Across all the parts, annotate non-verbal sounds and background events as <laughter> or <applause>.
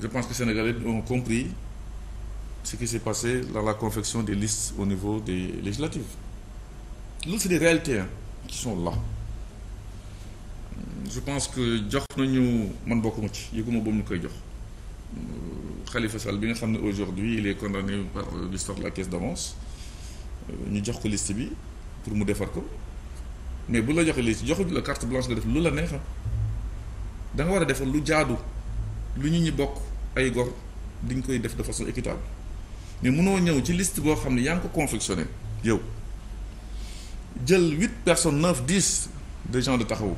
je pense que Sénégalais ont compris ce qui s'est passé dans la confection de listes au niveau des législatives loolu c'est des réalités qui sont là je pense que jox nañu man bokkuma ci yëguma boobu ñu koy jox Khalifa Sall bi nga xam ne aujourd'hui il est condamné par l'histoire de la caisse d'avance euh, ñu jox ko liste bi pour mu defar ko mais bu la joxee liste joxuñu la carte blanche nga def lu la neex danga war a defar lu jaadu lu ñu ñi bokk ay gor diñ koy def de façon équitable mais mënoo ñëw ci list boo xam ne yaa ngi ko confectionné yow jël huit personnes neuf dix de gens de taxawu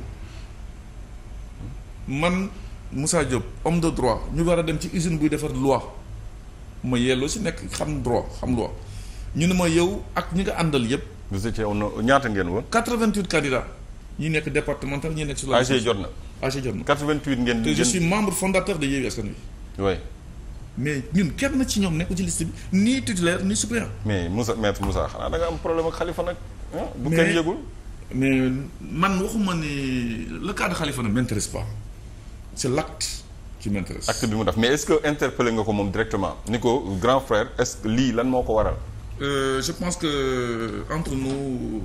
man Moussa Diop homme de droit ñu war a dem ci usine buy defar loi ma yelloo si nekk xam droit xam loi ñu ne ma yow ak ñi nga àndal yëpp. vous étiez ñaata ngeen woon. 88 candidats ñi nekk départemental ñi nekk. sur la jot na te je membre fondateur de Yewwi Askan Wi. oui mais ñun kenn ci ñoom nekku ci liste bi ni titulaire ni suppléant. mais Moussa maître Moussa xanaa da am problème ak Khalifa nag. bu kenn yëgul mais man waxuma ni le cas xalifa Khalifa ne m'intéresse pas c'est l'acte ci m'intéresse. acte bi mu def mais est-ce que interpellé nga ko moom directement ni ko grand frère est lii lan moo ko waral. Euh, je pense que euh, entre nous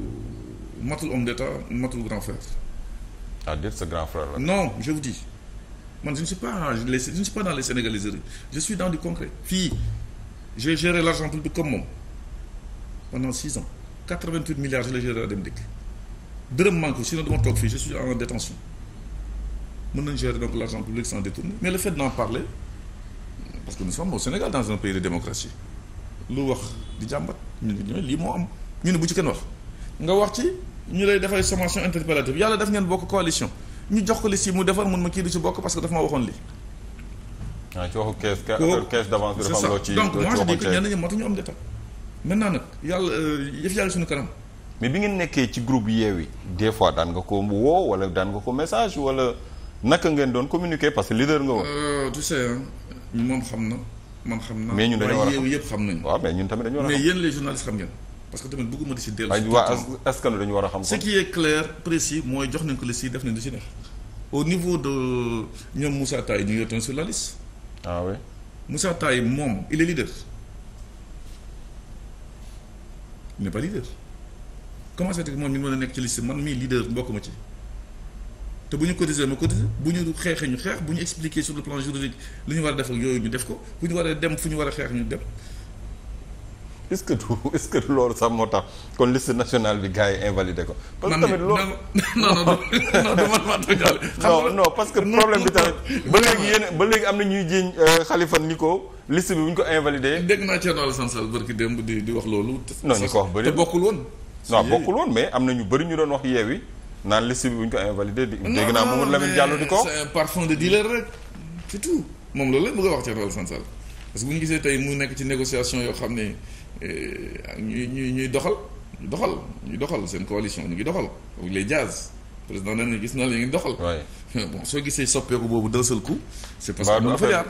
matul homme d'État matul grand frère. c'est-à-dire ah, ce grand frère là. non je vous dis. man je ne suis pas je ne suis pas dans les sénégaliseries je suis dans du concret fii j'ai géré l'argent public comme moom pendant six ans 88 milliards je l'ai géré à dem dëkk dërëm manque sinon dama toog fii je suis en détention mën nañ gérer donc l'argent public sans détourner mais le fait d'en parler parce que nous sommes au Sénégal dans un pays de démocratie lu wax di jàmbat ñu ne lii moo am ñu ne bu ci kenn wax nga wax ci ñu lay dafay sommation interpellative yàlla def ngeen bokk coalition ñu jox ko li si mu defar mun ma kii du si bokk parce que dafa ma waxoon li waaw ah, ci waxu caisse caisse d'avance bi dafa am loo ñu am d'état maintenant nag yàlla euh, yëf mais bi ngeen nekkee ci groupe Yewwi des fois daan nga ko woo wala daan nga ko message wala naka ngeen doon communiquer parce que leader nga woon euh, tu sais moom na man ñun dañoo war a xam yëpp xam ñun tamit dañu war a xam mais yéen les journalistes xam qui est clair précis mooy jox nañ ko le si def nañ du si neex au niveau de ñoom Moussa Taye ñu ngi retoon sur la liste. ah oui Moussa moom il est leader. il n'est pas leader. comment ça se fait que moom a nekk ci liste man mii leader bokk ma ci te bu ñu cotiser ma cotiser bu ñu xeexee ñu xeex bu ñu expliquer sur le plan juridique li ñu war a def yooyu ñu def ko bu ñu war a dem fu ñu war a xeex ñu dem. est-ce que tu <laughs> est-ce loolu sax moo tax kon liste nationale bi gars yi invalidé ko. parce que tamit loolu parce que problème bi tamit ba léegi yéen ba léegi am na ñuy jiiñ xalifa euh, ni ko liste bi bu ñu ko invalidé. dégg naa Thierno Alassane Sall barki démb di di wax loolu. non ñu ko wax bëri te bokkul woon. non bokkul woon mais am na ñu bëri ñu doon wax yeewi naan liste bi bu ñu ko invalidé. dégg naa Mamadou Lamine Diallo di ko. c'est un parfum de dealer rek c'est moom loolu la bëgg wax Thierno Alassane parce que bu ñu gisee tey mu nekk ci négociation yoo xam ne eh, ñuy ñuy ñuy doxal ñu doxal ñu doxal seen coalition ñu ngi doxal ak les jazz président nee na gis na la doxal. <laughs> soo gisee soppeeku boobu d'un seul coup. c'est parce que dafa jaar.